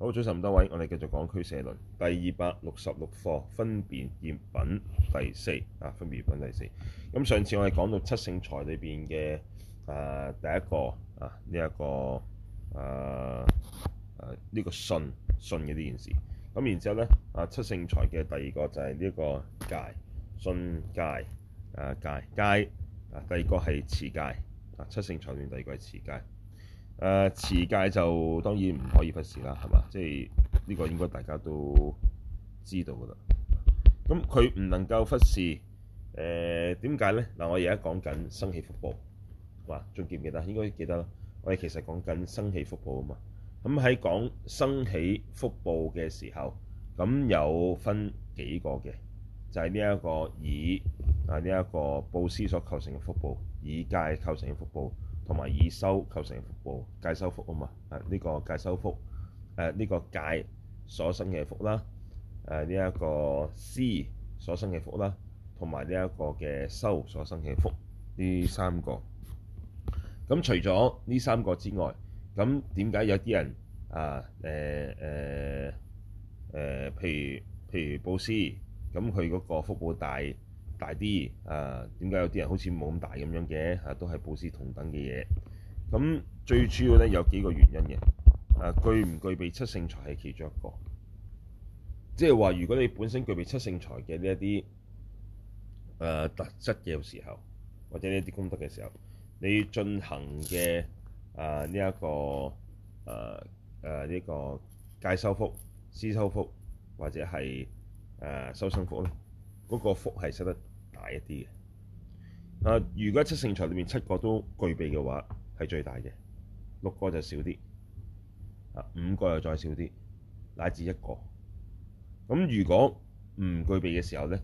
好，早晨唔多位，我哋繼續講俱舍論第二百六十六課，分別業品第四啊，分別業品第四。咁上次我哋講到七聖財裏邊嘅、啊、第一個啊呢一個啊啊呢、這個信信嘅呢件事，咁然之後咧啊七聖財嘅第二個就係呢一個戒信戒。啊戒戒啊第二個係持戒。啊七聖財裏邊第二個係持戒。誒持、呃、戒就當然唔可以忽視啦，係嘛？即係呢、這個應該大家都知道噶啦。咁佢唔能夠忽視誒點解咧？嗱、呃嗯，我而家講緊生起福報，係仲記唔記得？應該記得啦。我哋其實講緊生起福報啊嘛。咁喺講生起福報嘅時候，咁有分幾個嘅？就係呢一個以啊呢一、這個布施所構成嘅福報，以戒構成嘅福報。同埋以修構成福報，戒修福啊嘛，啊呢個戒修福，誒呢、啊這個戒、啊這個、所生嘅福啦，誒呢一個施所生嘅福啦，同埋呢一個嘅修所生嘅福，呢三個。咁除咗呢三個之外，咁點解有啲人啊？誒誒誒，譬如譬如佈施，咁佢嗰個福報大。大啲啊？點解有啲人好似冇咁大咁樣嘅？啊，都係佈施同等嘅嘢。咁最主要咧有幾個原因嘅。啊，具唔具備七聖財係其中一個。即係話，如果你本身具備七聖財嘅呢一啲誒特質嘅時候，或者呢一啲功德嘅時候，你進行嘅啊呢一個誒誒呢個戒修福、施修福或者係誒、呃、修身福咧，嗰、那個福係使得，大一啲嘅，啊，如果七聖財裏面七個都具備嘅話，係最大嘅，六個就少啲，啊，五個又再少啲，乃至一個。咁如果唔具備嘅時候咧，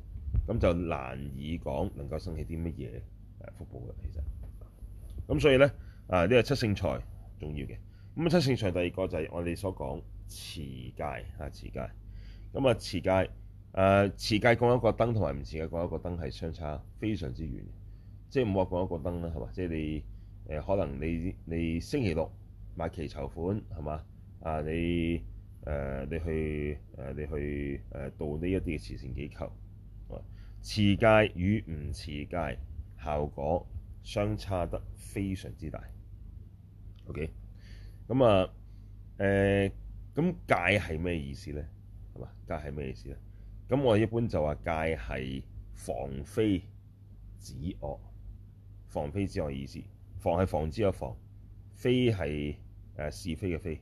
咁就難以講能夠生起啲乜嘢誒福報嘅，其實。咁所以咧，啊呢、這個七聖財重要嘅。咁啊七聖財第二個就係我哋所講持戒啊持戒。咁啊持戒。誒，持戒供一個燈同埋唔持戒供一個燈係相差非常之遠。即係唔好話供一個燈啦，係嘛？即係你誒、呃，可能你你星期六賣旗籌款係嘛？啊，你誒、呃、你去誒、呃、你去誒到呢一啲嘅慈善機構，持戒與唔持戒效果相差得非常之大。OK，咁啊誒，咁戒係咩意思咧？係嘛，戒係咩意思咧？咁我一般就話戒係防非止惡，防非止惡意思，防係防止嘅防，非係是，是非嘅非，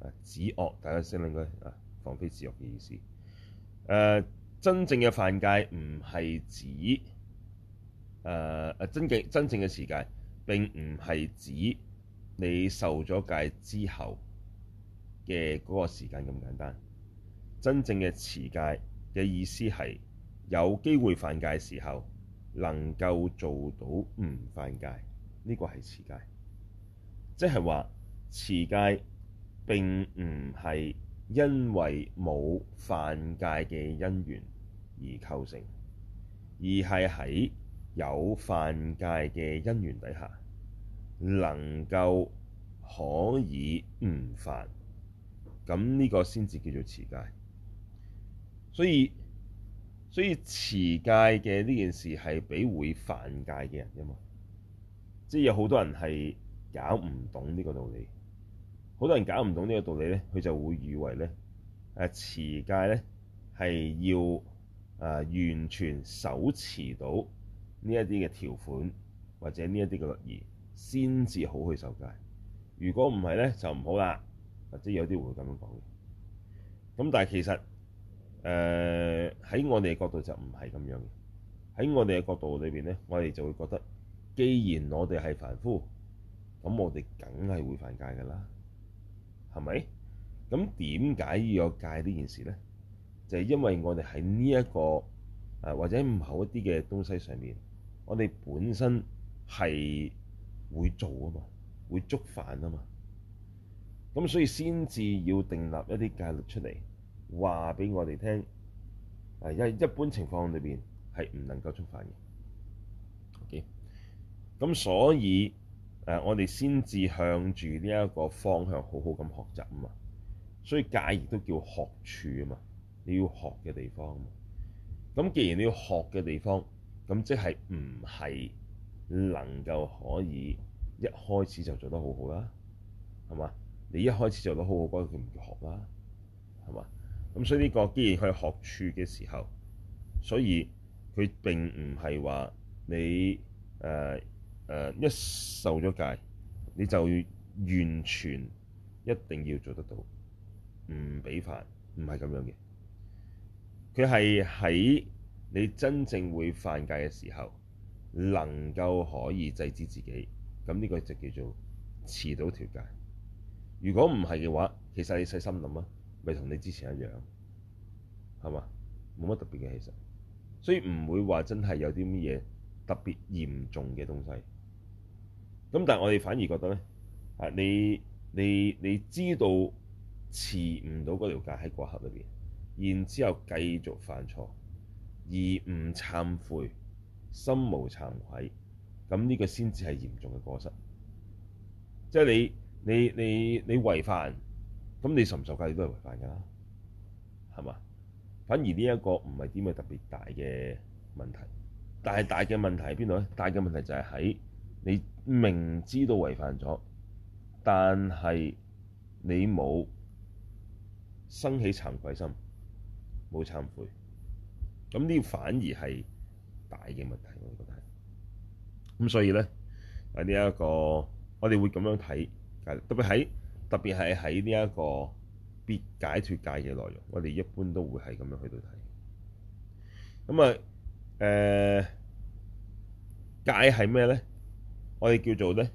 啊止惡。大家先諗佢啊，防非止惡嘅意思。呃、真正嘅犯戒唔係指，呃、真正真正嘅持戒並唔係指你受咗戒之後嘅嗰個時間咁簡單。真正嘅持戒。嘅意思係有機會犯戒嘅時候，能夠做到唔犯戒，呢個係持戒。即係話持戒並唔係因為冇犯戒嘅因緣而構成，而係喺有犯戒嘅因緣底下，能夠可以唔犯，咁呢個先至叫做持戒。所以，所以持戒嘅呢件事係俾會犯戒嘅人嘅嘛，即係有好多人係搞唔懂呢個道理，好多人搞唔懂呢個道理咧，佢就會以為咧誒持戒咧係要誒、啊、完全手持到呢一啲嘅條款或者呢一啲嘅律儀先至好去受戒，如果唔係咧就唔好啦，或者有啲會咁樣講。嘅。咁但係其實。誒喺、呃、我哋嘅角度就唔係咁樣嘅，喺我哋嘅角度裏邊咧，我哋就會覺得，既然我哋係凡夫，咁我哋梗係會犯戒㗎啦，係咪？咁點解要有戒呢件事咧？就係、是、因為我哋喺呢一個誒或者唔好一啲嘅東西上面，我哋本身係會做啊嘛，會觸犯啊嘛，咁所以先至要訂立一啲戒律出嚟。話俾我哋聽，一一般情況裏面係唔能夠觸犯嘅。OK，咁所以誒，我哋先至向住呢一個方向好好咁學習啊嘛。所以戒亦都叫學處啊嘛，你要學嘅地方嘛。咁既然你要學嘅地方，咁即係唔係能夠可以一開始就做得好好啦？係嘛？你一開始做得好好，嗰個叫唔叫學啦？係嘛？咁所以呢個既然去學處嘅時候，所以佢並唔係話你誒、呃呃、一受咗戒，你就完全一定要做得到，唔俾犯，唔係咁樣嘅。佢係喺你真正會犯戒嘅時候，能夠可以制止自己，咁呢個就叫做遲到條戒。如果唔係嘅話，其實你細心諗啊。咪同你之前一樣，係嘛？冇乜特別嘅，其實，所以唔會話真係有啲乜嘢特別嚴重嘅東西。咁但係我哋反而覺得咧，啊你你你知道持唔到嗰條戒喺嗰一刻裏邊，然之後繼續犯錯而唔懺悔、心無慚愧，咁呢個先至係嚴重嘅過失。即係你你你你違犯。咁你受唔受戒都係違反㗎，係嘛？反而呢一個唔係啲咩特別大嘅問題，但係大嘅問題喺邊度咧？大嘅問題就係喺你明知道違反咗，但係你冇生起慚愧心，冇懺悔，咁呢反而係大嘅問題，我覺得係。咁所以咧，喺呢一個我哋會咁樣睇，特別喺。特別係喺呢一個別解脫戒嘅內容，我哋一般都會係咁樣去到睇。咁啊，誒，戒係咩咧？我哋叫做咧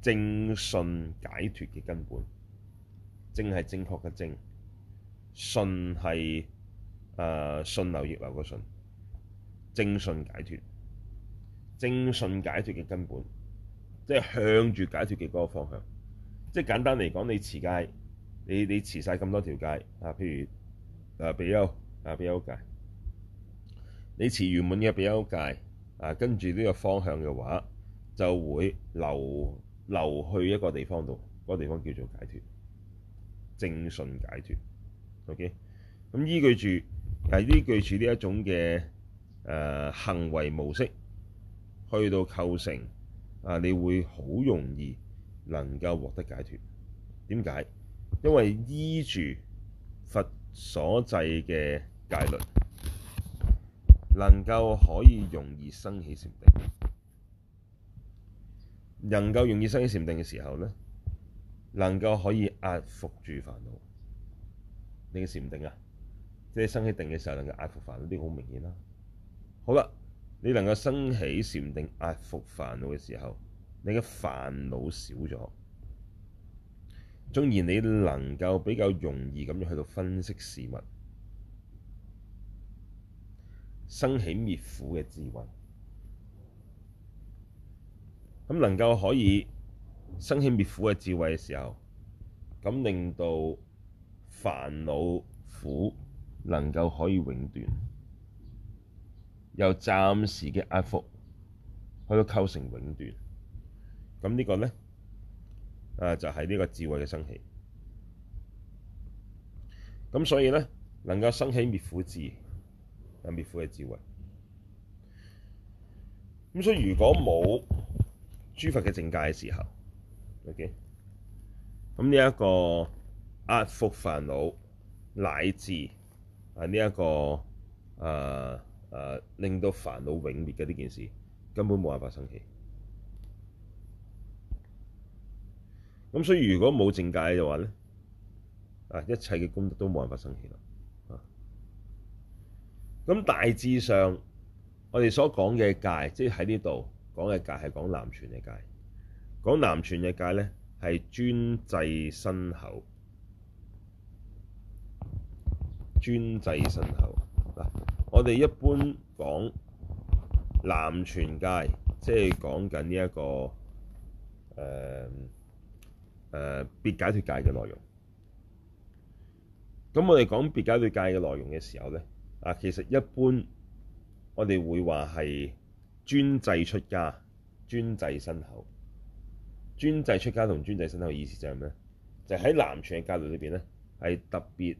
正順解脫嘅根本，正係正確嘅正，順係誒順流逆流嘅順，正順解脫，正順解脫嘅根本，即係向住解脫嘅嗰個方向。即簡單嚟講，你持戒，你你持曬咁多條戒，啊，譬如誒比丘啊，比丘啊比丘戒，你持完滿嘅比丘戒啊，跟住呢個方向嘅話，就會流流去一個地方度，嗰、那個地方叫做解脱，正順解脱。OK，咁依據住依據住呢一種嘅、啊、行為模式去到構成啊，你會好容易。能夠獲得解脫，點解？因為依住佛所制嘅戒律，能夠可以容易生起禪定，能夠容易生起禪定嘅時候咧，能夠可以壓服住煩惱。你嘅禪定啊，即係生起定嘅時候能夠壓服煩惱，呢個好明顯啦。好啦，你能夠生起禪定壓服煩惱嘅時候。你嘅煩惱少咗，從而你能夠比較容易咁樣去到分析事物，生起滅苦嘅智慧，咁能夠可以生起滅苦嘅智慧嘅時候，咁令到煩惱苦能夠可以永斷，由暫時嘅壓伏去到構成永斷。咁呢個咧，啊，就係、是、呢個智慧嘅生起。咁所以咧，能夠生起滅苦智，有滅苦嘅智慧。咁所以如果冇諸佛嘅境界嘅時候，OK，咁呢一個壓伏煩惱乃至啊呢一、這個啊啊令到煩惱永滅嘅呢件事，根本冇辦法生起。咁所以如果冇淨戒嘅話咧，啊，一切嘅功德都冇辦法生起啦。咁大致上，我哋所講嘅戒，即喺呢度講嘅戒，係講南傳嘅戒。講南傳嘅戒咧，係專制身口，專制身口嗱。我哋一般講南傳戒，即係講緊呢一個誒。呃誒別解脫戒嘅內容，咁我哋講別解脫戒嘅內容嘅時候咧，啊，其實一般我哋會話係專制出家、專制身口。專制出家同專制身口意思就係咩？就喺、是、南傳嘅教理裏邊咧，係特別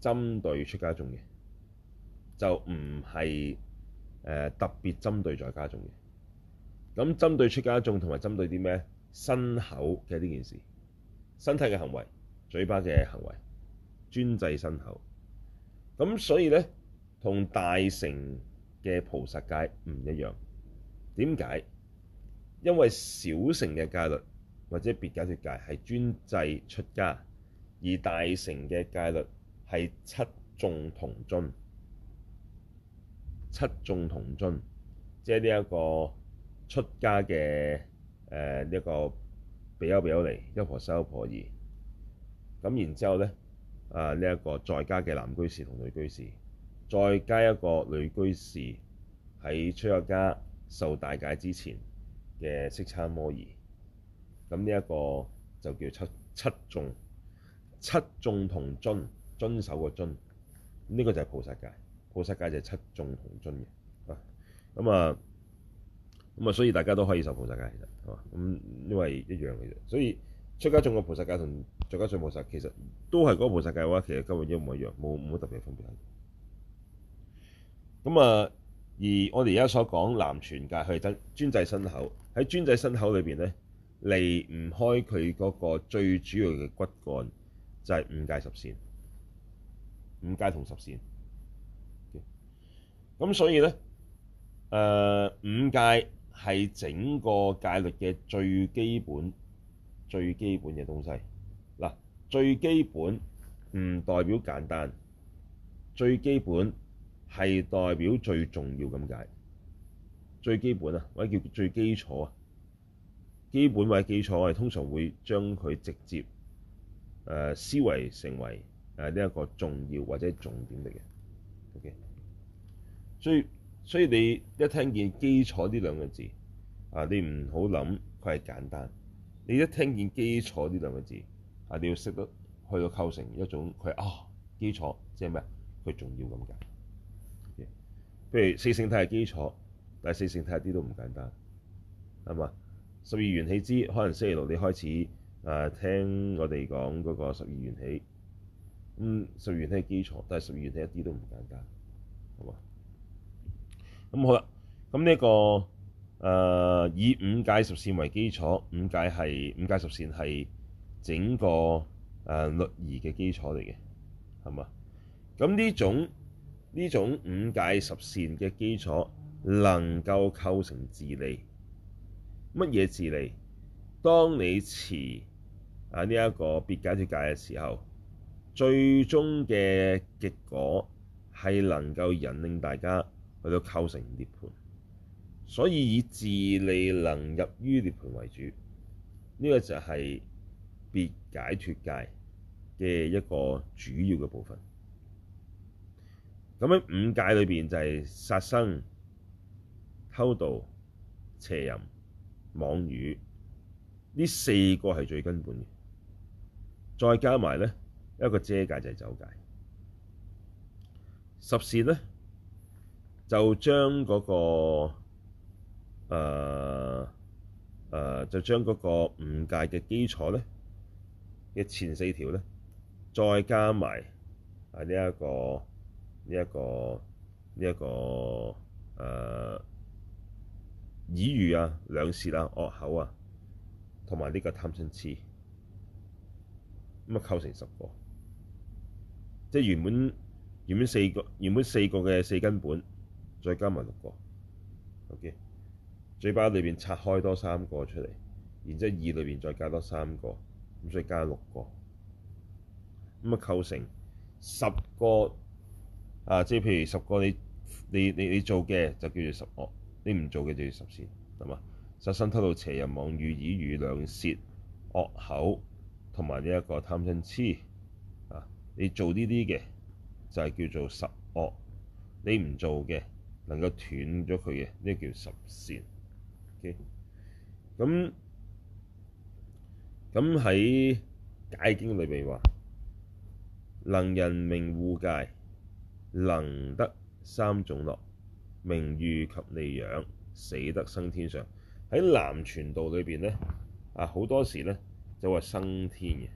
針對出家眾嘅，就唔係誒特別針對在家眾嘅。咁針對出家眾同埋針對啲咩身口嘅呢件事？身體嘅行為、嘴巴嘅行為、專制身口。咁所以呢，同大乘嘅菩薩戒唔一樣。點解？因為小乘嘅戒律或者別解脫戒係專制出家，而大乘嘅戒律係七眾同尊。七眾同尊，即係呢一個出家嘅誒呢個。比丘比丘尼、優婆塞優婆夷，咁然之後咧，啊呢一個再加嘅男居士同女居士，再加一個女居士喺出家受大戒之前嘅式叉摩那，咁呢一個就叫七七眾，七眾同遵，遵守個遵，呢、這個就係菩薩戒，菩薩戒就係七眾同遵嘅，啊，咁啊。咁啊，所以大家都可以受菩薩戒，其實係嘛？咁因為一樣嘅啫。所以出家做個菩薩戒同在家做菩薩，其實都係嗰菩薩戒嘅話，其實根本一模一樣，冇冇乜特別分別。咁啊、嗯，而我哋而家所講南傳戒係真專制身口，喺專制身口裏邊咧，離唔開佢嗰個最主要嘅骨幹，就係、是、五戒十善，五戒同十善。咁、嗯、所以咧，誒、呃、五戒。係整個戒律嘅最基本、最基本嘅東西。嗱，最基本唔代表簡單，最基本係代表最重要咁解。最基本啊，或者叫最基礎啊，基本或者基礎，我哋通常會將佢直接誒思維成為誒呢一個重要或者重點嚟嘅。OK 所以。所以你一聽見基礎呢兩個字，啊，你唔好諗佢係簡單。你一聽見基礎呢兩個字，啊，你要識得去到構成一種佢啊、哦，基礎即係咩？佢重要咁嘅。不、okay. 如四聖諦係基礎，但係四聖諦一啲都唔簡單，係嘛？十二緣起之可能星期六你開始啊、呃，聽我哋講嗰個十二緣起。咁十二緣起基礎，但係十二緣起一啲都唔簡單，係嘛？咁好啦，咁呢、這個誒、呃、以五戒十善為基礎，五戒係五戒十善係整個誒、呃、律儀嘅基礎嚟嘅，係嘛？咁呢種呢種五戒十善嘅基礎能夠構成自利，乜嘢自利？當你持啊呢一、這個別解脫戒嘅時候，最終嘅結果係能夠引領大家，去到構成涅槃，所以以自利能入於涅槃為主，呢個就係別解脫戒嘅一個主要嘅部分。咁喺五戒裏邊就係殺生、偷盜、邪淫、妄語呢四個係最根本嘅，再加埋咧一個遮戒就係酒戒，十善咧。就將嗰、那個誒誒、呃呃，就將嗰個五戒嘅基礎咧嘅前四條咧，再加埋啊呢一個呢一、這個呢一、這個誒，綺、呃、語啊兩舌啊惡口啊，同埋呢個貪嗔痴，咁啊構成十個，即係原本原本四個原本四個嘅四根本。再加埋六個，OK，嘴巴裏邊拆開多三個出嚟，然之後耳裏邊再加多三個，咁所以加六個咁啊，構成十個啊。即係譬如十個你你你你做嘅就叫做十惡，你唔做嘅就叫十善，係嘛？殺生、偷盜、邪淫、妄語、綺語、兩舌、惡口同埋呢一個貪嗔痴啊，你做呢啲嘅就係叫做十惡，你唔做嘅。能夠斷咗佢嘅呢個叫十善。咁咁喺戒經裏面話，明人能護戒，能得三種樂，名譽及利養，死得生天上。喺南傳道裏面咧，啊好多時咧就話生天嘅，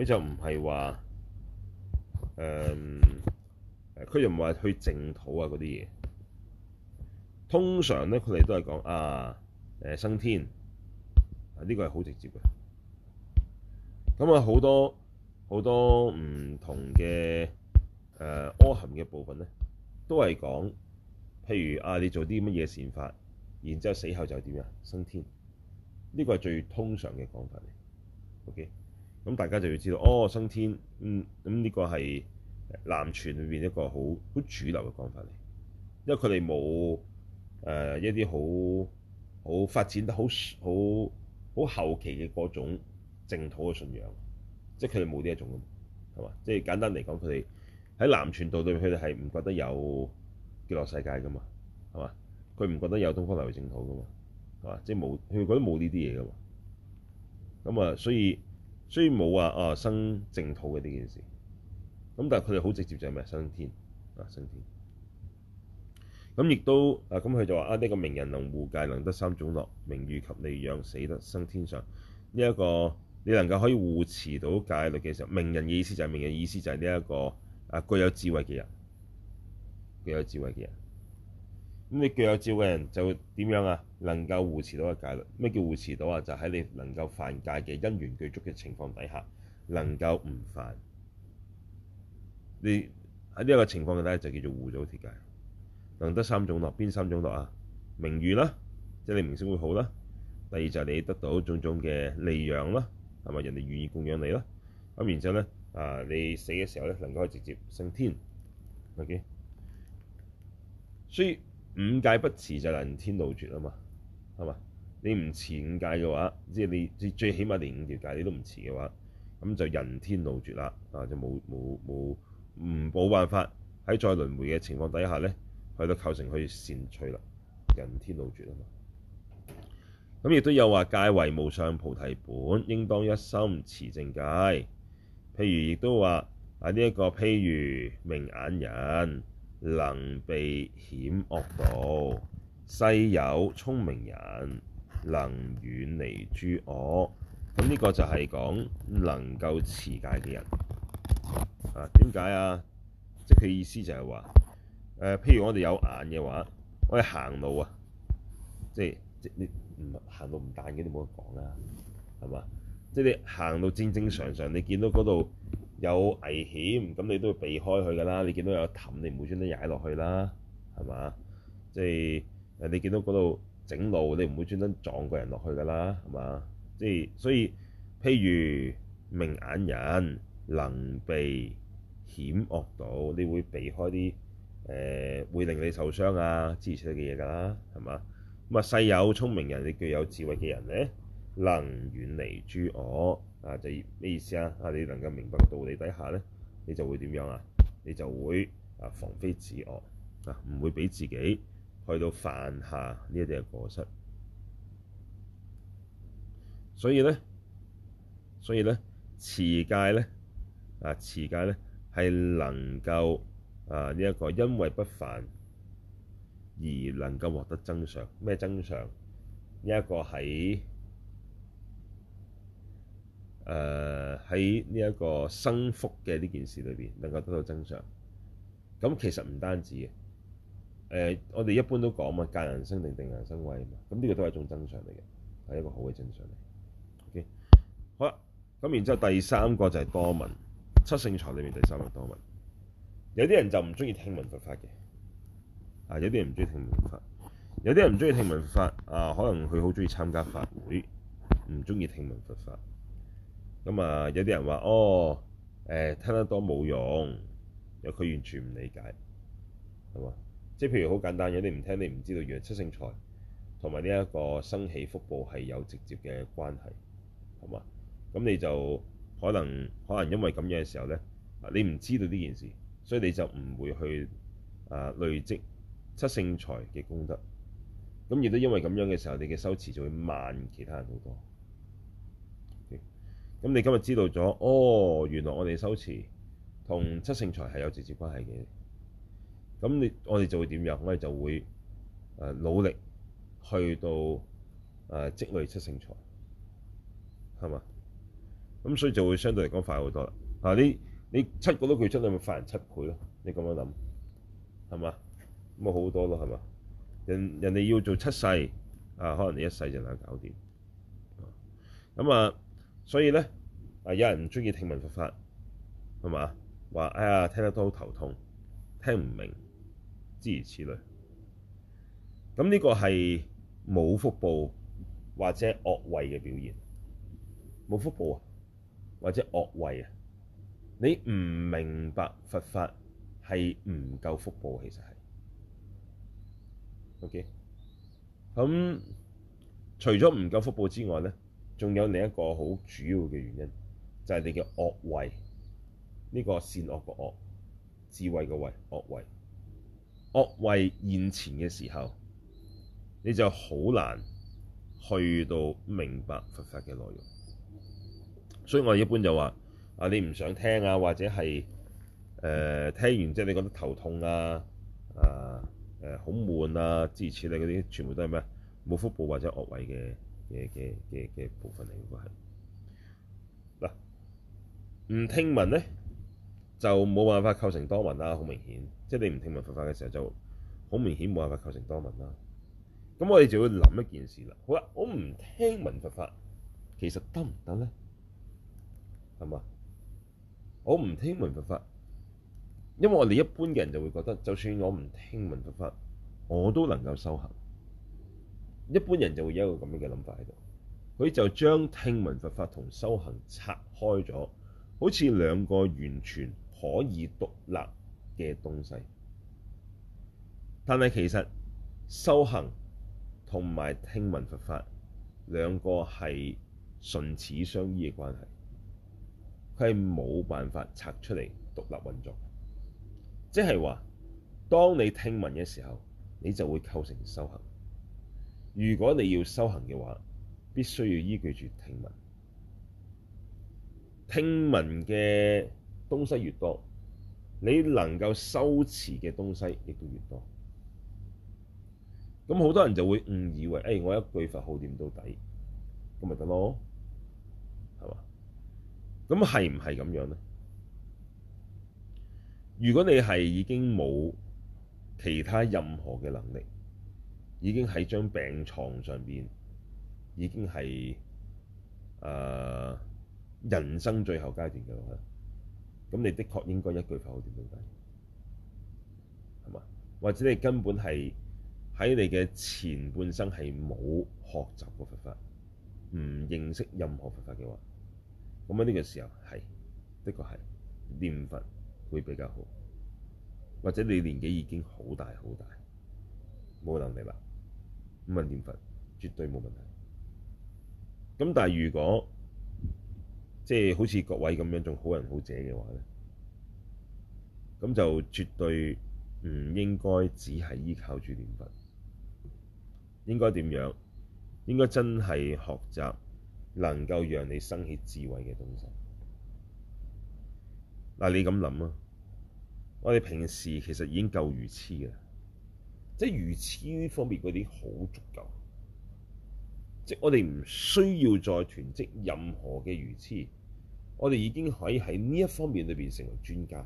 佢就唔係話誒佢又唔係去淨土啊嗰啲嘢。通常咧，佢哋都係講啊、呃，升天，呢、這個係好直接嘅。咁、嗯、啊，好多好多唔同嘅誒阿含嘅部分咧，都係講譬如啊，你做啲乜嘢善法，然之後死後就點啊，升天。呢、這個係最通常嘅講法嚟。OK，咁、嗯、大家就要知道，哦，升天，嗯，咁、嗯、呢、這個係南傳裏面一個好好主流嘅講法嚟，因為佢哋冇。誒、呃、一啲好好發展得好好好後期嘅嗰種淨土嘅信仰，即係佢哋冇呢一種嘅，係嘛？即係簡單嚟講，佢哋喺南傳道對佢哋係唔覺得有極樂世界㗎嘛，係嘛？佢唔覺得有東方琉璃淨土嘅嘛，係嘛？即係冇，佢哋覺得冇呢啲嘢㗎嘛。咁啊，所以雖然冇話啊生淨土嘅呢件事，咁但係佢哋好直接就係咩？生天啊，生天。咁亦都啊，咁佢就話啊，呢、這個名人能護戒，能得三種樂，名譽及利養，死得生天上。呢、這、一個你能夠可以護持到戒律嘅時候，名人嘅意思就係、是、名人意思就係呢一個啊，具有智慧嘅人，具有智慧嘅人。咁你具有智慧嘅人就點樣啊？能夠護持到個戒律。咩叫護持到啊？就喺、是、你能夠犯戒嘅因緣具足嘅情況底下，能夠唔犯。你喺呢一個情況底下就叫做護咗鐵戒。能得三種樂，邊三種樂啊？名譽啦，即係你名聲會好啦。第二就係你得到種種嘅利養啦，係咪人哋願意供養你啦？咁、啊、然之後咧，啊你死嘅時候咧，能夠係直接升天。O、okay? K，所以五戒不持就，就人天路絕啊嘛，係嘛？你唔持五戒嘅話，即係你最最起碼連五條戒你都唔持嘅話，咁就人天路絕啦。啊，就冇冇冇唔冇辦法喺再輪迴嘅情況底下咧。去到構成佢善趣啦，人天道絕啊嘛。咁亦都有話，戒為無上菩提本，應當一心持淨戒。譬如亦都話啊呢一個，譬如明眼人能避險惡道，世有聰明人能遠離諸惡。咁呢個就係講能夠持戒嘅人。啊，點解啊？即佢意思就係話。誒、呃，譬如我哋有眼嘅話，我哋行路啊，即係即你唔行到唔彈嘅你冇得講啦，係嘛？即係你行到正正常常，你見到嗰度有危險，咁你都會避開佢噶啦。你見到有氹，你唔會專登踩落去啦，係嘛？即係你見到嗰度整路，你唔會專登撞個人落去噶啦，係嘛？即係所以，譬如明眼人能避險惡道，你會避開啲。誒會令你受傷啊！之類嘅嘢㗎啦，係嘛？咁啊，世有聰明人，亦具有智慧嘅人咧，能遠離諸惡，啊！就係咩意思啊？啊，你能夠明白道理底下咧，你就會點樣啊？你就會啊防非止惡啊，唔會俾自己去到犯下呢一啲嘅過失。所以咧，所以咧，持戒咧啊，持戒咧係能夠。啊！呢、這、一個因為不犯而能夠獲得增上。咩增上？呢、這、一個喺誒喺呢一個生福嘅呢件事裏面能夠得到增上。咁其實唔單止嘅、呃，我哋一般都講嘛，隔人生定定人生位嘛，咁呢個都係一種增上嚟嘅，係一個好嘅增上。OK，好啦，咁然之後第三個就係多聞，七聖財裏面第三個多聞。有啲人就唔中意聽聞佛法嘅啊！有啲人唔中意聽聞佛法，有啲人唔中意聽聞佛法啊。可能佢好中意參加法會，唔中意聽聞佛法咁啊。有啲人話：哦，誒、欸、聽得多冇用，因佢完全唔理解，係嘛？即係譬如好簡單嘢，你唔聽，你唔知道，如七聖財同埋呢一個生起福報係有直接嘅關係，係嘛？咁你就可能可能因為咁樣嘅時候咧，你唔知道呢件事，所以你就唔會去累積七聖財嘅功德，咁亦都因為這樣嘅時候，你嘅修持就會慢其他人好多。咁、OK? 你今日知道咗，哦，原來我哋修持同七聖財係有直接關係嘅。咁我哋就會點樣？我哋就會努力去到誒積累七聖財，係嘛？咁所以就會相對嚟講快好多啦。你七個都倍出你咪翻人七倍咯？你咁樣諗係嘛？咁啊好好多咯係嘛？人人哋要做七世啊，可能你一世就難搞掂。咁啊，所以咧啊，有人唔中意聽聞佛法係嘛？話哎呀，聽得多好頭痛，聽唔明，諸如此類。咁呢個係冇福報或者惡慧嘅表現。冇福報啊，或者惡慧啊。你唔明白佛法係唔夠福報的，其實係。OK，咁、嗯、除咗唔夠福報之外咧，仲有另一個好主要嘅原因，就係、是、你嘅惡慧，呢、這個善惡個惡，智慧嘅慧，惡慧。惡慧現前嘅時候，你就好難去到明白佛法嘅內容。所以我一般就話。啊！你唔想聽啊，或者係誒、呃、聽完之後你覺得頭痛啊，啊誒好、呃、悶啊之類，嗰啲全部都係咩冇福報或者惡慧嘅嘅嘅嘅嘅部分嚟，應該係嗱唔聽聞咧，就冇辦法構成多聞啦。好明顯，即、就、係、是、你唔聽聞佛法嘅時候，就好明顯冇辦法構成多聞啦。咁我哋就會諗一件事啦。好啦，我唔聽聞佛法，其實得唔得咧？係嘛？我唔聽聞佛法，因為我哋一般嘅人就會覺得，就算我唔聽聞佛法，我都能夠修行。一般人就會有一個咁樣嘅諗法喺度，佢就將聽聞佛法同修行拆開咗，好似兩個完全可以獨立嘅東西。但係其實修行同埋聽聞佛法，兩個係唇齒相依嘅關係。佢係冇辦法拆出嚟獨立運作，即係話，當你聽聞嘅時候，你就會構成修行。如果你要修行嘅話，必須要依據住聽聞。聽聞嘅東西越多，你能夠修持嘅東西亦都越多。咁好多人就會誤以為，誒、哎、我一句佛號念到底，咁咪得咯？咁係唔係咁樣呢？如果你係已經冇其他任何嘅能力，已經喺張病床上面，已經係、呃、人生最後階段嘅話，咁你的確應該一句佛好，點樣解？係嘛？或者你根本係喺你嘅前半生係冇學習過佛法，唔認識任何佛法嘅話，咁呢個時候係的確係念佛會比較好，或者你年紀已經好大好大，冇能力啦，咁問念佛絕對冇問題。咁但係如果即係、就是、好似各位咁樣仲好人好者嘅話咧，咁就絕對唔應該只係依靠住念佛，應該點樣？應該真係學習。能夠讓你生起智慧嘅東西，嗱，你咁諗啊？我哋平時其實已經夠愚痴啦，即係愚痴呢方面嗰啲好足夠，即係我哋唔需要再囤積任何嘅愚痴，我哋已經可以喺呢一方面裏面成為專家。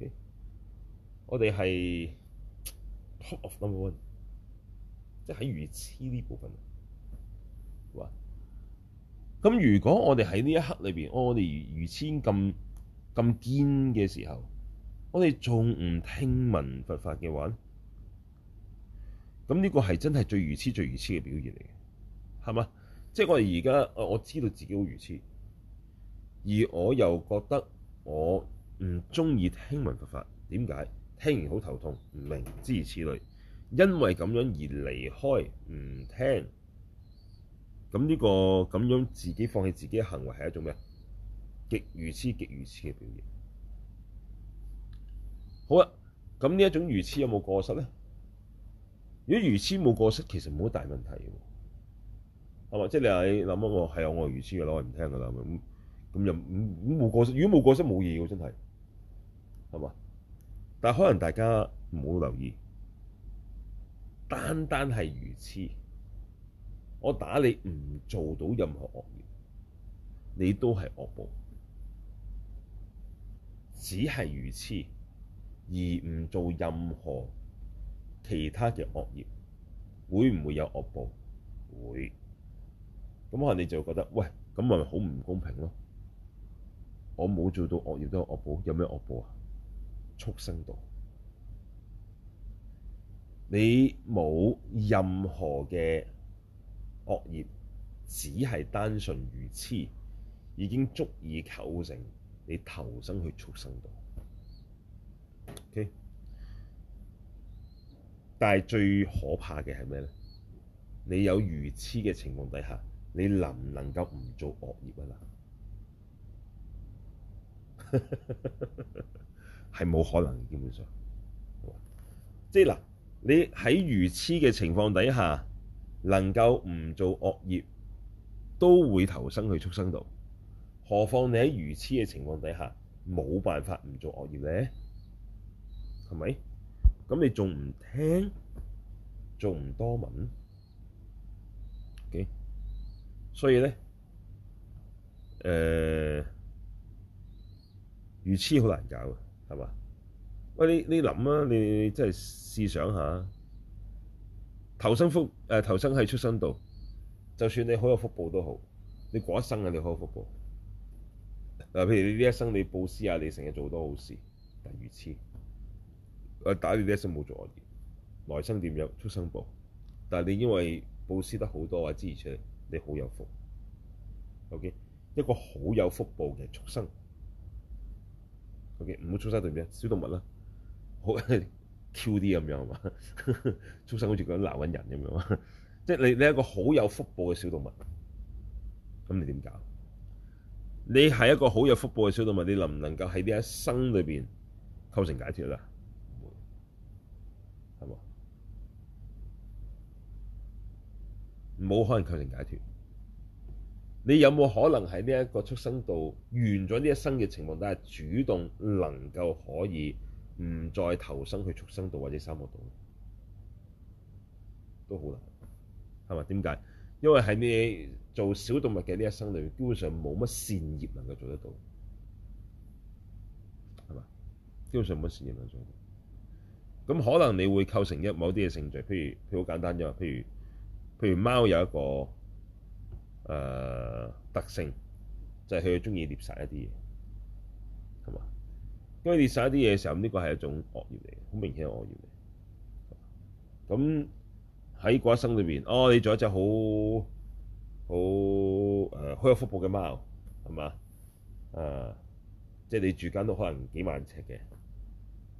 Okay? 我哋係 top of number one，即係喺愚痴呢部分。咁如果我哋喺呢一刻裏邊、哦，我哋愚愚痴咁咁堅嘅時候，我哋仲唔聽聞佛法嘅話咧？咁呢個係真係最愚痴最愚痴嘅表現嚟嘅，係嘛？即係我哋而家，我知道自己好愚痴，而我又覺得我唔中意聽聞佛法。點解？聽完好頭痛，唔明知如此類，因為咁樣而離開，唔聽。咁呢個咁樣自己放棄自己嘅行為係一種咩？極愚痴、極愚痴嘅表現。好啦，咁呢一種愚痴有冇過失咧？如果愚痴冇過失，其實冇乜大問題嘅，係嘛？即係你諗啊，我係我愚痴嘅，我唔聽㗎啦，咁咁又冇過失。如果冇過失冇嘢嘅真係，係嘛？但係可能大家冇留意，單單係愚痴。我打你唔做到任何惡業，你都係惡報，只係如此。而唔做任何其他嘅惡業，會唔會有惡報？會。咁可能你就覺得，喂，咁咪好唔公平咯？我冇做到惡業都有惡報，有咩惡報啊？畜生道，你冇任何嘅惡業只係單純愚痴，已經足以構成你投身去畜生道。Okay? 但係最可怕嘅係咩咧？你有愚痴嘅情況底下，你能唔能夠唔做惡業啊？嗱，係冇可能，基本上，即係嗱，你喺愚痴嘅情況底下。能夠唔做惡業，都會投生去畜生道。何況你喺愚痴嘅情況底下，冇辦法唔做惡業咧，係咪？咁你仲唔聽？仲唔多聞？Okay. 所以咧，誒、呃，愚痴好難搞嘅，係嘛？喂，你你諗啊，你你真係試想一下。投生福，誒、啊、投生係畜生道，就算你好有福報都好，你過一生啊，你好有福報。誒，譬如你呢一生你佈施啊，你成日做好多好事，但如此，我打你呢一生冇做惡業，來生點樣有畜生報？但係你因為佈施得好多啊資源出嚟，你好有福。OK，一個好有福報嘅畜生。OK，唔好畜生對唔住啊，小動物啦，好。挑啲咁樣啊嘛，D, 畜生好似嗰樣鬧緊人咁樣，即係你你係一個好有福報嘅小動物，咁你點搞？你係一個好有福報嘅小動物，你能唔能夠喺呢一生裏邊構成解脫啦？係嘛？冇可能構成解脫。你有冇可能喺呢一個畜生度，完咗呢一生嘅情況底下，主動能夠可以？唔再投生去畜生道或者三惡道都好難，係嘛？點解？因為喺你做小動物嘅呢一生裏面，基本上冇乜善業能夠做得到，係嘛？基本上冇乜善業能夠做得到。咁可能你會構成一些某啲嘅性罪，譬如譬如好簡單啫，譬如譬如，譬如貓有一個誒、呃、特性，就係佢中意獵殺一啲嘢。因為你殺一啲嘢嘅時候，呢個係一種惡業嚟，好明顯嘅惡業嚟。咁喺嗰一生裏邊，哦，你做一隻好好誒好有福報嘅貓，係嘛？誒、啊，即係你住間都可能幾萬尺嘅，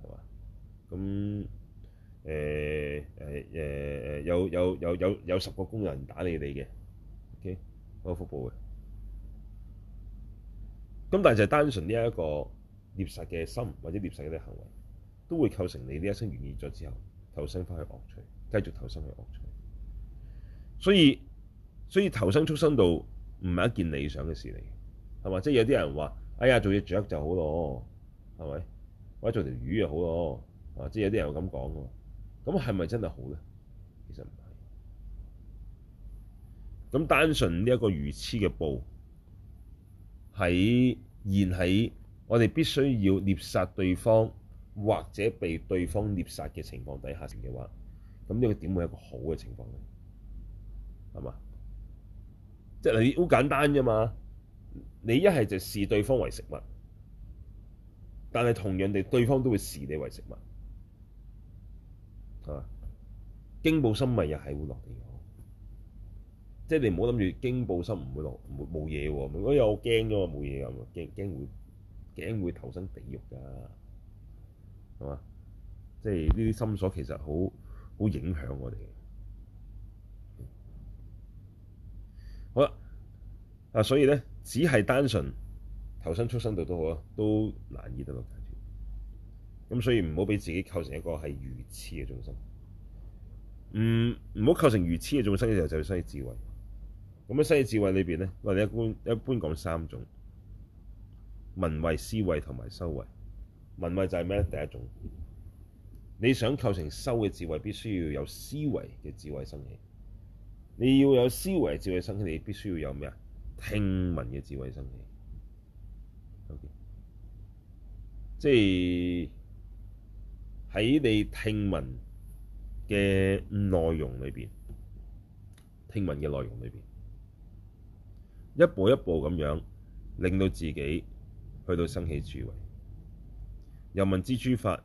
係嘛？咁誒誒誒有有有有有十個工人打理你哋嘅，OK，好有福報嘅。咁但係就係單純呢一個。劣質嘅心或者劣質嘅行為，都會構成你呢一生完結咗之後，投生翻去惡趣，繼續投生去惡趣。所以，所以投生畜生道唔係一件理想嘅事嚟，係嘛？即係有啲人話，哎呀，做隻雀就好咯，係咪？或者做條魚又好咯，啊！即係有啲人會咁講咯。咁係咪真係好咧？其實唔係。咁單純呢一個愚痴嘅報，喺現喺。我哋必須要獵殺對方，或者被對方獵殺嘅情況底下嘅話，咁呢個點會係一個好嘅情況咧？係嘛？即係你好簡單啫嘛！你一係就視對方為食物，但係同樣地，對方都會視你為食物，係嘛？驚怖心咪又係會落地嘅，即係你唔好諗住驚怖心唔會落，冇冇嘢喎！如果有我，我驚咗啊，冇嘢啊，驚驚會。頸會投身地獄噶，係嘛？即係呢啲心所其實響好好影響我哋嘅。好啦，啊，所以咧只係單純投身畜生道都好啊，都難以得到解脫。咁所以唔好俾自己構成一個係愚痴嘅眾生。唔，唔好構成愚痴嘅眾生嘅時候，就要生意智慧。咁喺生意智慧裏邊咧，我哋一般一般講三種。聞慧、思慧同埋修慧。聞慧就係咩？第一種你想構成修嘅智慧，必須要有思維嘅智慧生起。你要有思維智慧生起，你必須要有咩啊？聽聞嘅智慧生起。Okay. 即係喺你聽聞嘅內容裏邊，聽聞嘅內容裏邊，一步一步咁樣令到自己。去到生起智慧，由聞知諸法，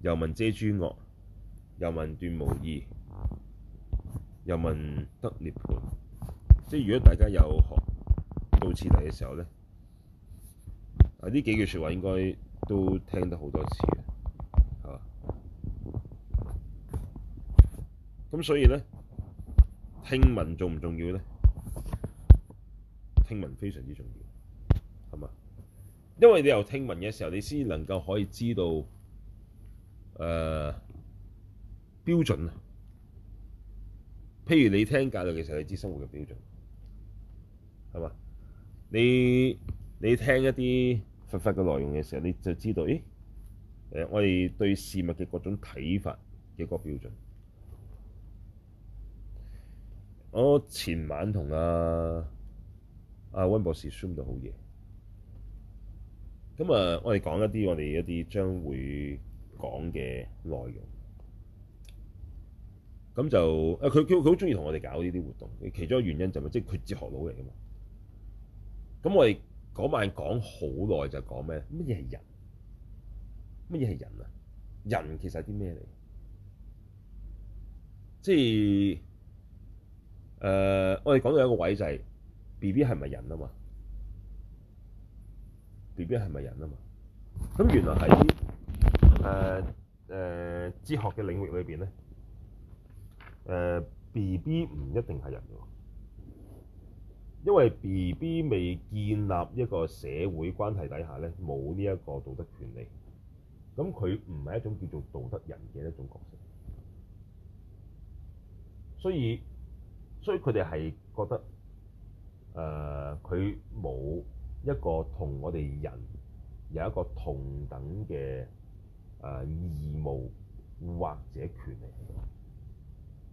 由聞遮諸惡，由聞斷無義，由聞得涅槃。即係如果大家有學到此嚟嘅時候咧，啊呢幾句說話應該都聽得好多次，嘅嘛？咁所以咧，聽聞重唔重要咧？聽聞非常之重要。因為你由聽聞嘅時候，你先能夠可以知道，誒、呃、標準啊。譬如你聽教導嘅時候，你知生活嘅標準，係嘛？你你聽一啲佛法嘅內容嘅時候，你就知道，咦？誒、呃，我哋對事物嘅各種睇法嘅個標準。我前晚同阿阿溫博士商量好嘢。咁啊，我哋講一啲我哋一啲將會講嘅內容。咁就，誒，佢佢好中意同我哋搞呢啲活動。其中一個原因就係，即係佢哲學佬嚟嘅嘛。咁我哋嗰晚講好耐，就係講咩？乜嘢係人？乜嘢係人啊？人其實係啲咩嚟？即係，誒、呃，我哋講到一個位就係 B B 係咪人啊？嘛？B B 係咪人啊嘛？咁原來喺誒誒哲學嘅領域裏邊咧，誒、呃、B B 唔一定係人喎，因為 B B 未建立一個社會關係底下咧，冇呢一個道德權利，咁佢唔係一種叫做道德人嘅一種角色，所以所以佢哋係覺得誒佢冇，呃一個同我哋人有一個同等嘅誒義務或者權利，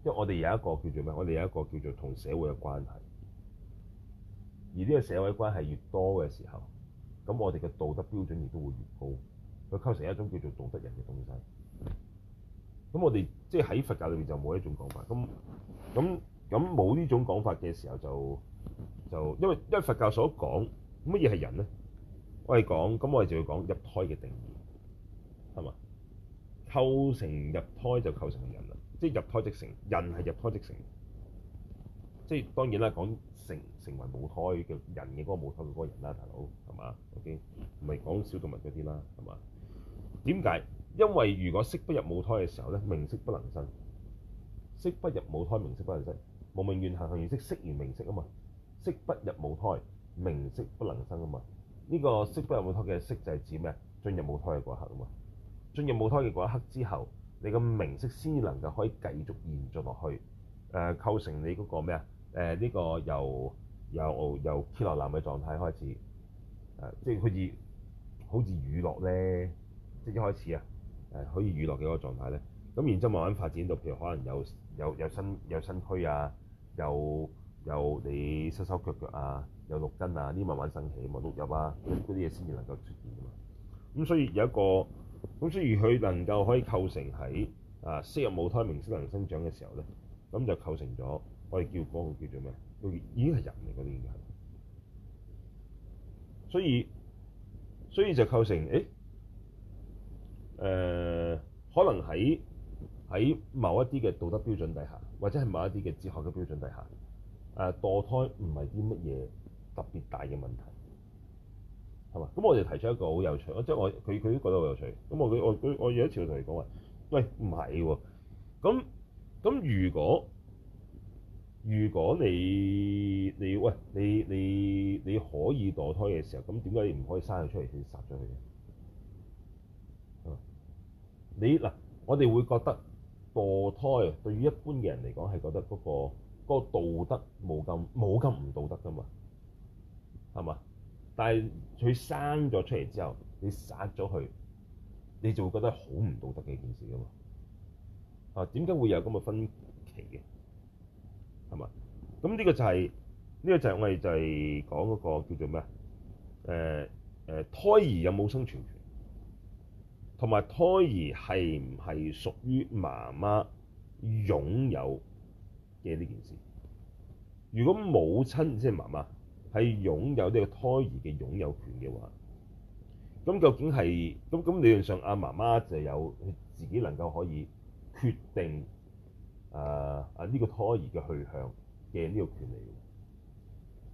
因為我哋有一個叫做咩？我哋有一個叫做同社會嘅關係。而呢個社會關係越多嘅時候，咁我哋嘅道德標準亦都會越高，佢構成一種叫做道德人嘅東西。咁我哋即係喺佛教裏邊就冇一種講法。咁咁咁冇呢種講法嘅時候就，就就因為因為佛教所講。乜嘢係人咧？我哋講，咁我哋就要講入胎嘅定義，係嘛？構成入胎就構成人啦，即係入胎即成，人係入胎即成。即係當然啦，講成成為母胎嘅人嘅嗰個母胎嘅嗰個人啦，大佬，係嘛？OK，唔係講小動物嗰啲啦，係嘛？點解？因為如果識不入母胎嘅時候咧，名色不能生。識不入母胎，名色不能生。無明緣行行緣識，識緣名色啊嘛。識不入母胎。名色不能生啊嘛！呢、這個色不能冇胎嘅色就係指咩啊？進入冇胎嘅嗰一刻啊嘛！進入冇胎嘅嗰一刻之後，你個名色先能夠可以繼續延續落去，誒、呃、構成你嗰個咩啊？誒、呃、呢、這個由由由羯羅藍嘅狀態開始，誒即係好似好似乳酪咧，即係一開始啊，誒、呃、可以乳酪嘅一個狀態咧。咁然之後慢慢發展到，譬如可能有有有，有身有身軀啊，有有你手手腳腳啊。有六根啊，呢啲慢慢升起啊嘛，六入啊，嗰啲嘢先至能夠出現啊嘛。咁所以有一個咁，所以佢能夠可以構成喺啊，適合母胎明生能生長嘅時候咧，咁就構成咗我哋叫嗰、那個、叫做咩？佢已經係人嚟嗰啲人。所以所以就構成誒誒、欸呃，可能喺喺某一啲嘅道德標準底下，或者係某一啲嘅哲學嘅標準底下，誒、啊、墮胎唔係啲乜嘢？特別大嘅問題係嘛？咁我就提出一個好有趣，即係我佢佢都覺得好有趣。咁我佢我佢我有一次同你講話，喂唔係喎。咁咁如果如果你你喂你你你可以墮胎嘅時候，咁點解你唔可以生佢出嚟先殺咗佢嘅？係嘛？你嗱，我哋會覺得墮胎對於一般嘅人嚟講係覺得嗰個嗰個道德冇咁冇咁唔道德㗎嘛？係嘛？但係佢生咗出嚟之後，你殺咗佢，你就會覺得好唔道德嘅一件事啊嘛！啊，點解會有咁嘅分歧嘅？係嘛？咁呢個就係呢個就係我哋就係講嗰個叫做咩啊？誒誒，胎兒有冇生存權？同埋胎兒係唔係屬於媽媽擁有嘅呢件事？如果母親即係媽媽。係擁有呢個胎兒嘅擁有權嘅話，咁究竟係咁，咁理論上阿媽媽就有自己能夠可以決定誒誒呢個胎兒嘅去向嘅呢個權利。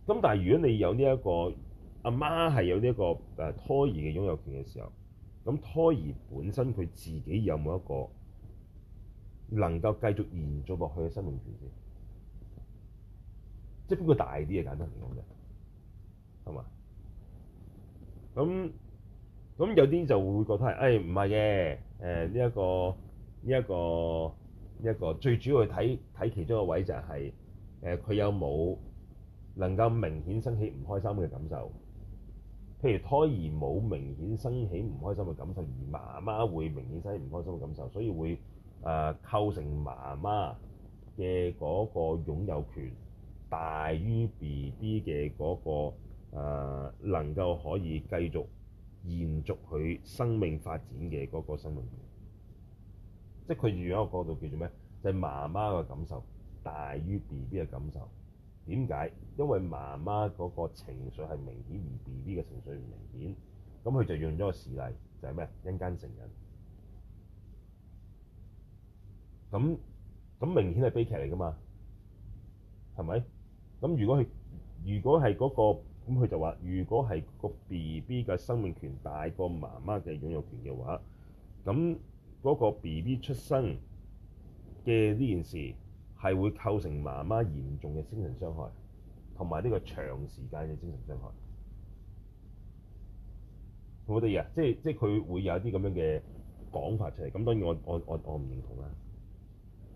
咁但係如果你有呢、這、一個阿媽係有呢、這、一個誒、啊、胎兒嘅擁有權嘅時候，咁胎兒本身佢自己有冇一個能夠繼續延續落去嘅生命權先？即係邊個大啲啊？簡單嚟講啫。咁咁有啲就會覺得係，誒唔係嘅，誒呢一個呢一個呢一個最主要去睇睇其中一個位就係，誒佢有冇能夠明顯生起唔開心嘅感受，譬如胎兒冇明顯生起唔開心嘅感受，而媽媽會明顯生起唔開心嘅感受，所以會誒、呃、構成媽媽嘅嗰個擁有權大於 BB 嘅嗰個。誒能夠可以繼續延續佢生命發展嘅嗰個生命，即係佢用一個角度叫做咩？就係媽媽嘅感受大於 BB 嘅感受。點解？因為媽媽嗰個情緒係明顯，而 BB 嘅情緒唔明顯。咁佢就用咗個事例就係、是、咩？因間成人咁咁明顯係悲劇嚟㗎嘛？係咪？咁如果佢如果係嗰、那個。咁佢就話：如果係個 B B 嘅生命權大過媽媽嘅擁有權嘅話，咁嗰個 B B 出生嘅呢件事係會構成媽媽嚴重嘅精神傷害，同埋呢個長時間嘅精神傷害。好冇第二啊？即係即係佢會有啲咁樣嘅講法出嚟。咁當然我我我我唔認同啦。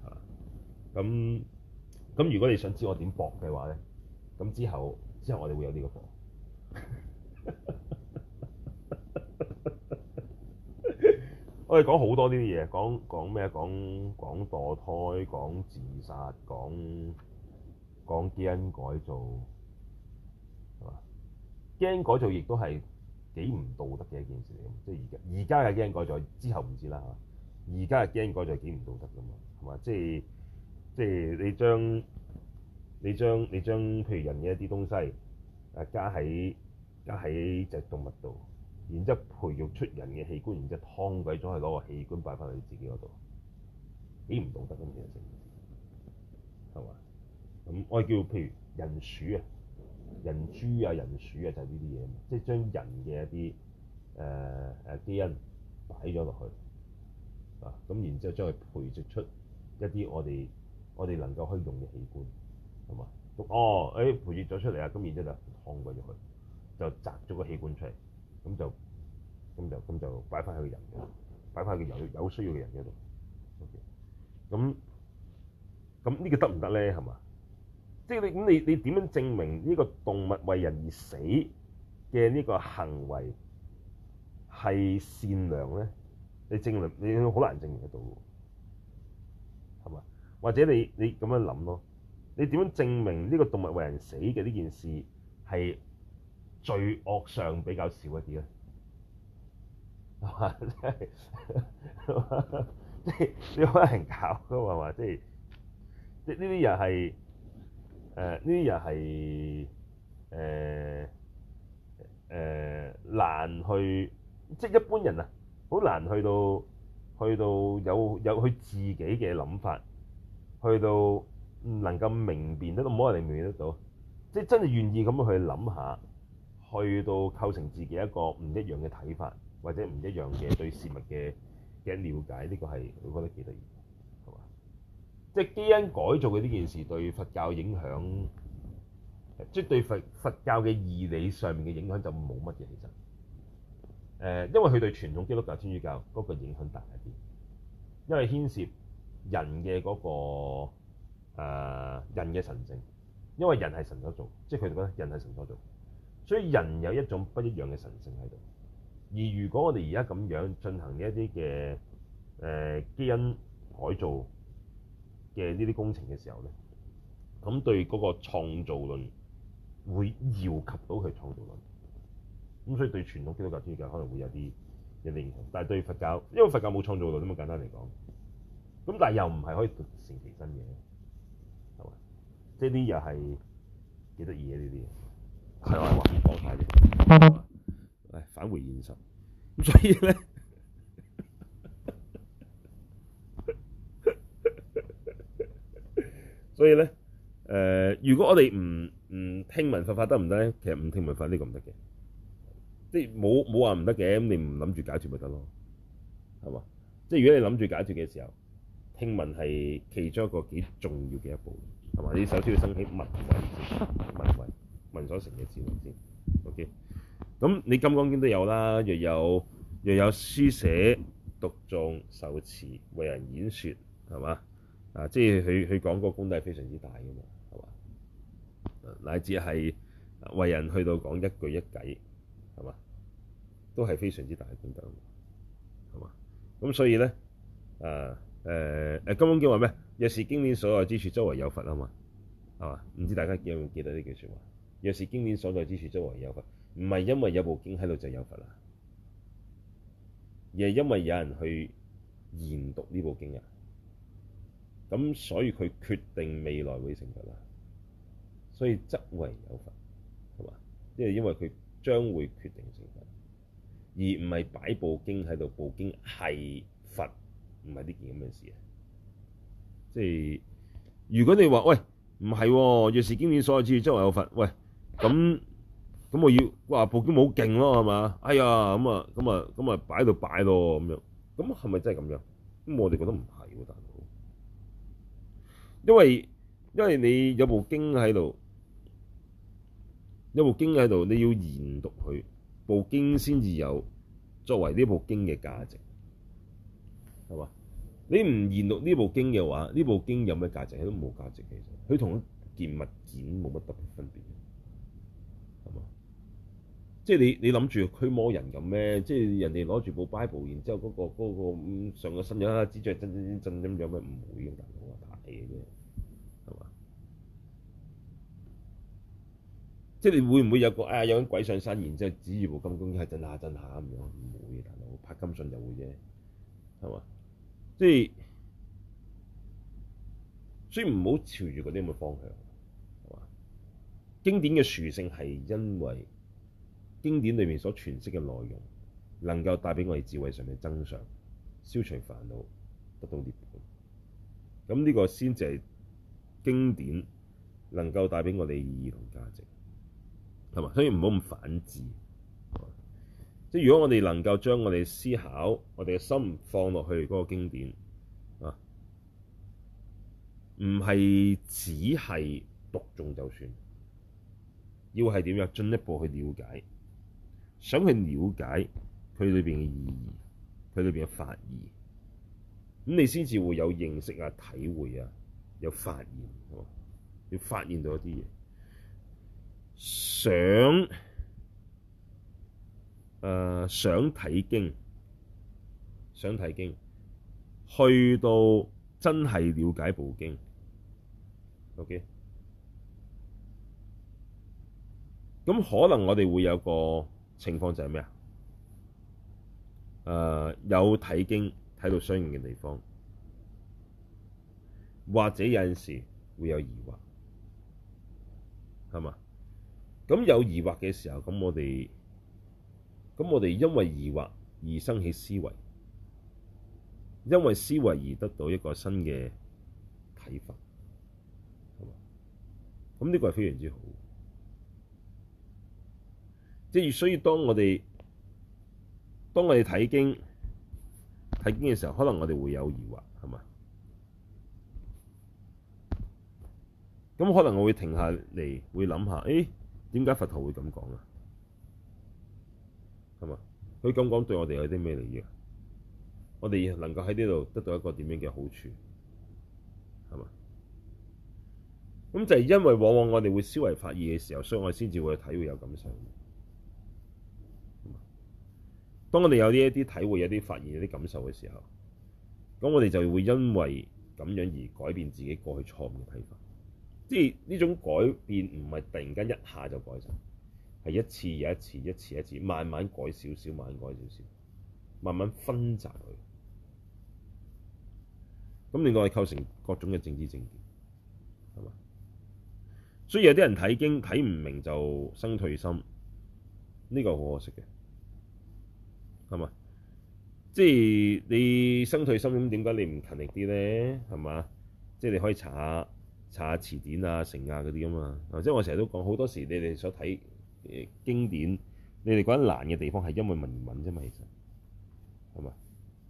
嚇、啊！咁咁，如果你想知我點駁嘅話咧，咁之後。之後我哋會有呢個課，我哋講好多呢啲嘢，講講咩啊？講講，講墮胎，講自殺，講講基因改造，係嘛？基因改造亦都係幾唔道德嘅一件事嚟嘅，即係而家而家嘅基因改造之後唔知啦嚇，而家嘅基因改造幾唔道德㗎嘛？係嘛？即係即係你將。你將你將譬如人嘅一啲東西誒加喺加喺隻動物度，然之後培育出人嘅器官，然之後劏鬼咗，係攞個器官擺翻去自己嗰度，幾唔懂得咁，其實成件事係嘛？咁我係叫譬如人鼠啊、人豬啊、人鼠啊，就係呢啲嘢，即係將人嘅一啲誒誒基因擺咗落去啊，咁然之後將佢培植出一啲我哋我哋能夠可以用嘅器官。哦，誒培養咗出嚟啊，咁然之後就劏過咗佢，就摘咗個器官出嚟，咁就咁就咁就擺翻喺個人嘅，擺翻喺有有需要嘅人嗰度。O K，咁咁呢個得唔得咧？係嘛？即係你咁你你點樣證明呢個動物為人而死嘅呢個行為係善良咧？你證明你好難證明得到嘅，係嘛？或者你你咁樣諗咯？你點樣證明呢個動物為人死嘅呢件事係罪惡上比較少一啲咧？啊， 即係即係好難搞嘅，話話即係即係呢啲人係誒呢啲人係誒誒難去，即係一般人啊，好難去到去到有有佢自己嘅諗法，去到。唔能夠明辨得到，唔好話你明辨得到，即係真係願意咁去諗下，去到構成自己一個唔一樣嘅睇法，或者唔一樣嘅對事物嘅嘅瞭解，呢、這個係我覺得幾得意，係嘛？即係基因改造嘅呢件事對佛教嘅影響，即對佛佛教嘅義理上面嘅影響就冇乜嘢其實，誒，因為佢對傳統基督教、天主教嗰個影響大一啲，因為牽涉人嘅嗰、那個。誒、呃、人嘅神聖，因為人係神所做，即係佢哋覺得人係神所做，所以人有一種不一樣嘅神聖喺度。而如果我哋而家咁樣進行呢一啲嘅誒基因改造嘅呢啲工程嘅時候咧，咁對嗰個創造論會殃及到佢創造論。咁所以對傳統基督教宗教教可能會有啲嘅認同，但係對佛教，因為佛教冇創造論，咁啊簡單嚟講，咁但係又唔係可以成其身嘅。即係啲又係幾得意嘅。呢啲係我係啊，講太啲。誒，返回現實。咁所以咧， 所以咧，誒、呃，如果我哋唔唔聽聞佛法得唔得咧？其實唔聽聞法呢個唔得嘅，即係冇冇話唔得嘅。咁你唔諗住解決咪得咯？係嘛？即係如果你諗住解決嘅時候，聽聞係其中一個幾重要嘅一步。係嘛？你首先要升起，聞慧聞慧，聞所成嘅智慧先。OK。咁你金剛經都有啦，又有又有書寫、讀誦、受持、為人演説，係嘛？啊，即係佢佢講個功德非常之大嘅嘛，係嘛？乃至係為人去到講一句一偈，係嘛？都係非常之大嘅功德，係嘛？咁所以咧，誒、啊。誒誒，金剛經叫話咩？若是經典所在之處，周圍有佛啊嘛，係嘛？唔知大家記唔記得呢句説話？若是經典所在之處，周圍有佛，唔係因為有部經喺度就有佛啦，而係因為有人去研讀呢部經啊。咁所以佢決定未來會成佛啦，所以則為有佛，係嘛？即係因為佢將會決定成佛，而唔係擺部經喺度，部經係佛。唔係呢件咁嘅事啊！即係如果你話喂唔係、啊，越是經典所在處，周圍有佛。喂，咁咁我要，哇！部經好勁咯，係咪？哎呀，咁啊，咁啊，咁啊，擺度擺咯，咁樣，咁係咪真係咁樣？咁我哋覺得唔係喎，大佬。因為因為你有部經喺度，有部經喺度，你要研讀佢，部經先至有作為呢部經嘅價值。係嘛？你唔研讀呢部經嘅話，呢部經有咩價值？佢都冇價值，其實佢同一件物件冇乜特別分別。係嘛？即係你你諗住驅魔人咁咩？即係人哋攞住部 Bible，然之後嗰個嗰個上個神人啊，指住震震震咁樣，真真有咩唔會的？大佬啊，拍戲嘅啫。係嘛？即係你會唔會有個哎呀有鬼上身，然之後指住部金公係震下震下咁樣？唔會的，大佬拍金信就會啫。係嘛？即係，所以唔好朝住嗰啲咁嘅方向，係嘛？經典嘅殊勝係因為經典裏面所詮釋嘅內容，能夠帶畀我哋智慧上面增長，消除煩惱，得到涅槃。咁呢個先至係經典能夠帶畀我哋意義同價值，係嘛？所以唔好咁反智。如果我哋能夠將我哋思考、我哋嘅心放落去嗰個經典啊，唔係只係讀中就算，要係點樣進一步去了解，想去了解佢裏邊嘅意義，佢裏邊嘅法義。咁你先至會有認識啊、體會啊、有發現，要發現到一啲嘢，想。誒、呃，想睇經，想睇經，去到真係了解部經，OK，咁可能我哋會有個情況就係咩啊？誒、呃，有睇經睇到相應嘅地方，或者有陣時會有疑惑，係嘛？咁有疑惑嘅時候，咁我哋。咁我哋因為疑惑而生起思維，因為思維而得到一個新嘅睇法，好嘛，咁呢個係非常之好。即係越需要當我哋當我哋睇經睇經嘅時候，可能我哋會有疑惑，係咪？咁可能我會停下嚟，會諗下，誒，點解佛陀會咁講啊？佢咁講對我哋有啲咩利益？我哋能夠喺呢度得到一個點樣嘅好處，係嘛？咁就係因為往往我哋會思維發現嘅時候，所以我哋先至會體會有感受。當我哋有呢一啲體會、有啲發現、有啲感受嘅時候，咁我哋就會因為咁樣而改變自己過去錯誤嘅睇法。即係呢種改變唔係突然間一下就改善。係一次又一次，一次一次，慢慢改少少，慢慢改少少，慢慢分集佢。咁令我哋構成各種嘅政治政見，係嘛？所以有啲人睇經睇唔明就生退心，呢個好可惜嘅，係嘛？即係你生退心咁點解你唔勤力啲咧？係嘛？即係你可以查下查下詞典啊、成啊嗰啲啊嘛。即係我成日都講好多時，你哋所睇。誒經典，你哋覺得難嘅地方係因為文言文啫嘛，其實係嘛？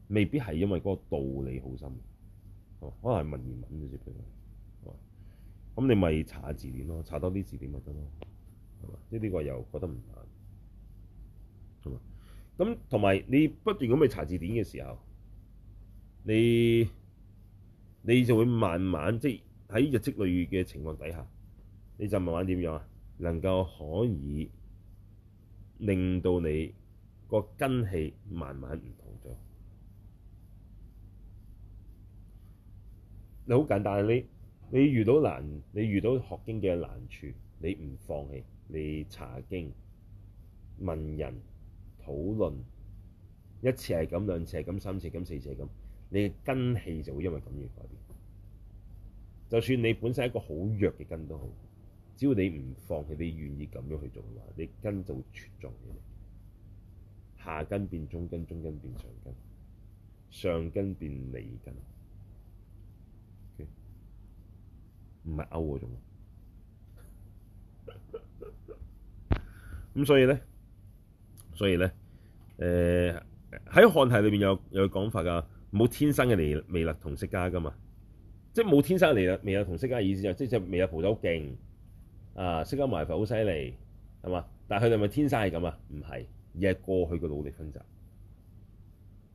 未必係因為嗰個道理好深，係嘛？可能係文言文嘅水平，係嘛？咁你咪查字典咯，查多啲字典咪得咯，係嘛？呢啲個又覺得唔難，係嘛？咁同埋你不斷咁去查字典嘅時候，你你就會慢慢即係喺日積累月嘅情況底下，你就慢慢點樣啊？能夠可以令到你個根氣慢慢唔同咗。你好簡單，你你遇到難，你遇到學經嘅難處，你唔放棄，你查經、問人、討論，一次係咁，兩次係咁，三次咁，四次係咁，你嘅根氣就會因為咁而改變。就算你本身係一個好弱嘅根都好。只要你唔放棄，你願意咁樣去做嘅話，你根就會茁壯起嚟。下根變中根，中根變上根，上根變利根。唔係勾嗰種。咁所以咧，所以咧，誒喺漢題裏邊有有講法㗎，冇天生嘅彌彌勒同釋迦㗎嘛。即係冇天生嘅彌勒彌勒同釋迦，意思就即係彌勒菩提好啊，釋迦彌勒佛好犀利，係嘛？但係佢哋咪天生係咁啊？唔係，而係過去嘅努力奮進，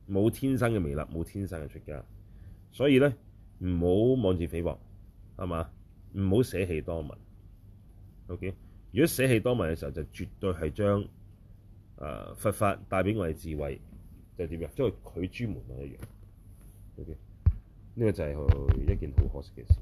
冇天生嘅彌勒，冇天生嘅釋迦，所以咧唔好妄自菲薄，係嘛？唔好捨棄多聞。OK，如果捨棄多聞嘅時候，就絕對係將啊、呃、佛法帶俾我哋智慧，就係點樣？即係佢專門一樣。OK，呢個就係佢一件好可惜嘅事。